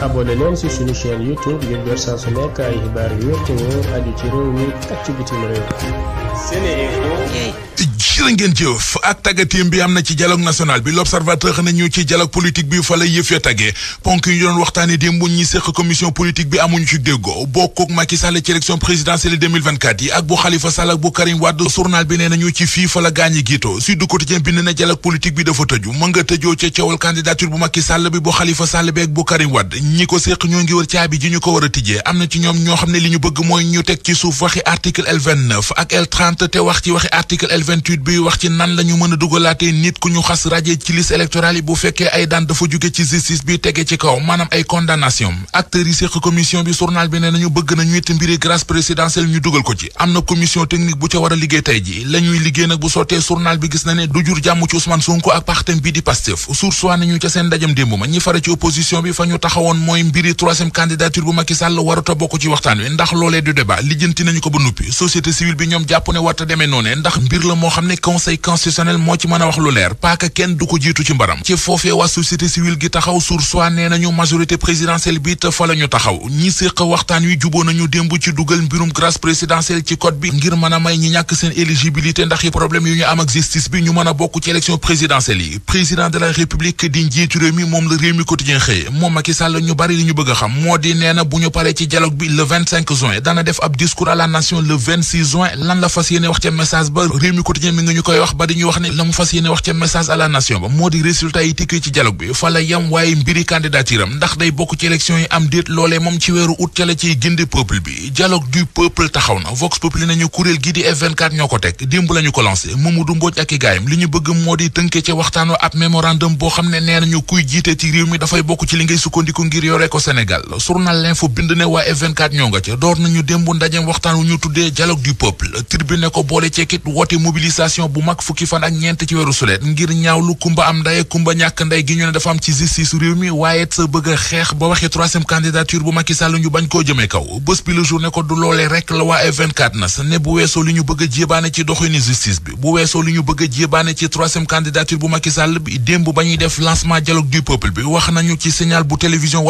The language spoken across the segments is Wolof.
abonné leen ci suñu chaîne YouTube ngir jot saa ay xibaar yu wér te wóor ci réew mi ak ci bitim jërë ngeen jëf ak tàggatim bi am na ci dialogue national bi l'observateur ne ci dialogue politique bi fa yëf ya tàggee ponk yi doon waxtaane démb ñi séq commission politique bi amuñu ci déggoo bokkook Macky Sall ci élection présidentielle yi ak bu Khalifa Sall ak bu Karim Wade journal bi nee nañu ci fii fa la gaañi giito Sud Quotidien bind na dialogue politique bi dafa tëju ma nga tëjoo ca coowal candidature bu Macky Sall bi bu Khalifa Sall bi ak bu Karim Wade yuy wax ci nan la ñu mën a dugalaatee nit ku ñu xas raje ci liste électorale bu fekkee ay daan dafa jóge ci justice bi tege ci kaw maanaam ay condamnation acteurs yi séq commission bi journal bi ne nañu bëgg nañu it mbiri grâce présidentielle ñu dugal ko ci am na commission technique bu ca war a liggéey tey ji la ñuy liggéey nag bu sottee journal bi gis na ne du jur jàmm ci Ousmane Sonko ak partem bi di Pastef sursoi nañu ca seen dajam démb ma ñi fare ci opposition wi ndax loolee du débat lijjanti nañu ko ba nuppi société civile bi ñoom jàpp ne warta conseil constitutionnel moo ci mën a wax lu leer paaka kenn du ko jiitu ci mbaram ci foofee waa société civile gi taxaw sursoi nee nañu majorité présidentielle bi te fa ñu taxaw ñi séq waxtaan wi juboo nañu démb ci dugal mbirum grâce présidentielle ci code bi ngir mën a may ñi ñàkk seen éligibilité ndax yi problème yu ñu am ak justice bi ñu mën a bokk ci élection présidentielle yi président de la république di njiitu réew moom la réew mi quotidien xëye moom Macky Sall ñu bari li ñu bëgg xam moo di nee bu ñu paree ci dialogue bi le 25 dana def ab discours à la nation le 26 lan la fas yéene wax ñu koy wax ba di ñu wax ne la mu fas yéene wax ca message à la nation ba moo di résultat yi tikkee ci dialogue bi fa la yam waaye mbiri candidature ndax day bokk ci élection yi am déet loolee moom ci weeru août ca la ciy gindi peuple bi dialogue du peuple taxaw na vox populi nañu kuréel gi di F24 ñoo ko teg démb la ñu ko lancé Mamadou Mbodj ak i gaayam li ñu bëgg moo di tënke ca waxtaan wa ab mémorandum boo xam ne nee nañu kuy jiite ci réew mi dafay bokk ci li ngay sukkandiku ngir yore ko Sénégal journal l'info bind ne waa F24 ñoo nga ca door nañu démb wu ñu tuddee dialogue du peuple ko boole ceekit woote mobilisation mobilisation bu mag fukki fan ak ñeent ci weeru sulet ngir ñaawlu kumba am nday kumba ñàkk nday gi ñu ne dafa am ci justice réew mi waaye sa bëgg xeex ba waxi troisième candidature bu Macky Sall ñu bañ koo jëmee kaw bés bi le jour ne ko du loolee rek la waa F24 nas ne bu weesoo li ñu bëgg a ci doxinu justice bi bu weesoo li ñu bëgg a ci troisième candidature bu Macky démb ba def lancement dialogue du peuple bi wax nañu ci signal bu télévision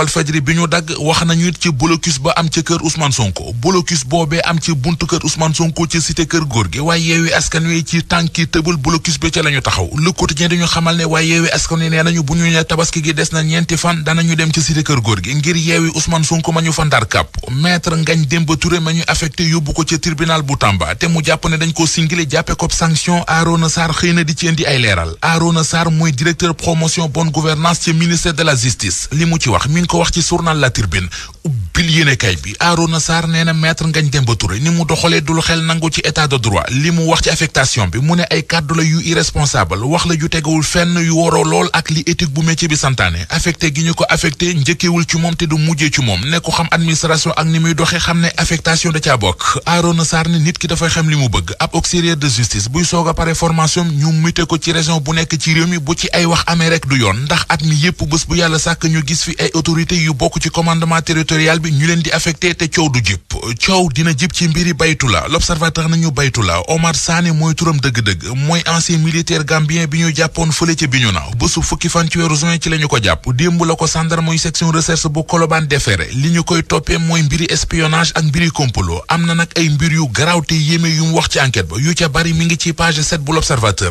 banque tëbul blocus bi ca la ñu taxaw le quotidien dañu xamal ne waaye yeewi askan wi nee nañu bu ñu ne tabaski gi des na ñeenti fan danañu dem ci cité góor gi ngir yeewi Ousmane Sonko ma ñu fa ndar kàpp maître Ngagne ma ñu affecté yóbbu ko ci tribunal bu Tamba te mu jàpp ne dañ ko singilé jàppe ko sanction Arona Sarr xëy na di ci indi ay leeral Arona Sarr mooy directeur promotion bonne gouvernance ci ministère de la justice li mu ci wax mi ngi ko wax ci journal La Tribune pil yéene kay bi Arouna saar nee na maître Ngagne Demba Touré ni mu doxalee dul xel nangu ci état de droit li mu wax ci affectation bi mu ne ay kàddu la yu irresponsable wax la ju tegawul fenn yu waroo lool ak li éthique bu métier bi santaane affecté gi ñu ko affecté njëkkewul ci moom te du mujjee ci moom ne ko xam administration ak ni muy doxee xam ne affectation da caa bokk Arouna Sarr ni nit ki dafay xam li mu bëgg ab auxiliaire de justice buy soog a pare formation ñu mute ko ci région bu nekk ci réew mi bu ci ay wax amee rek du yoon ndax at mi yépp yàlla sàkk ñu gis fi ay autorité yu bokk ci commandement territorial bi ñu leen di affecté te coow du jëpp coow dina jëpp ci mbiri Baytula l'observateur nañu Baytula Omar Sané mooy turam dëgg-dëgg mooy ancien militaire gambien bi ñu jàppoon fële ca Bignona bésu fukki fan ci weeru juin ci la ko jàpp démb la ko gendarme mooy section recherche bu Colobane defere li ñu koy toppee mooy mbiri espionnage ak mbiri complot am na nag ay mbir yu garaaw te yéeme yu mu wax ci enquête ba yu ca bari mi ngi ci page 7 bu l'observateur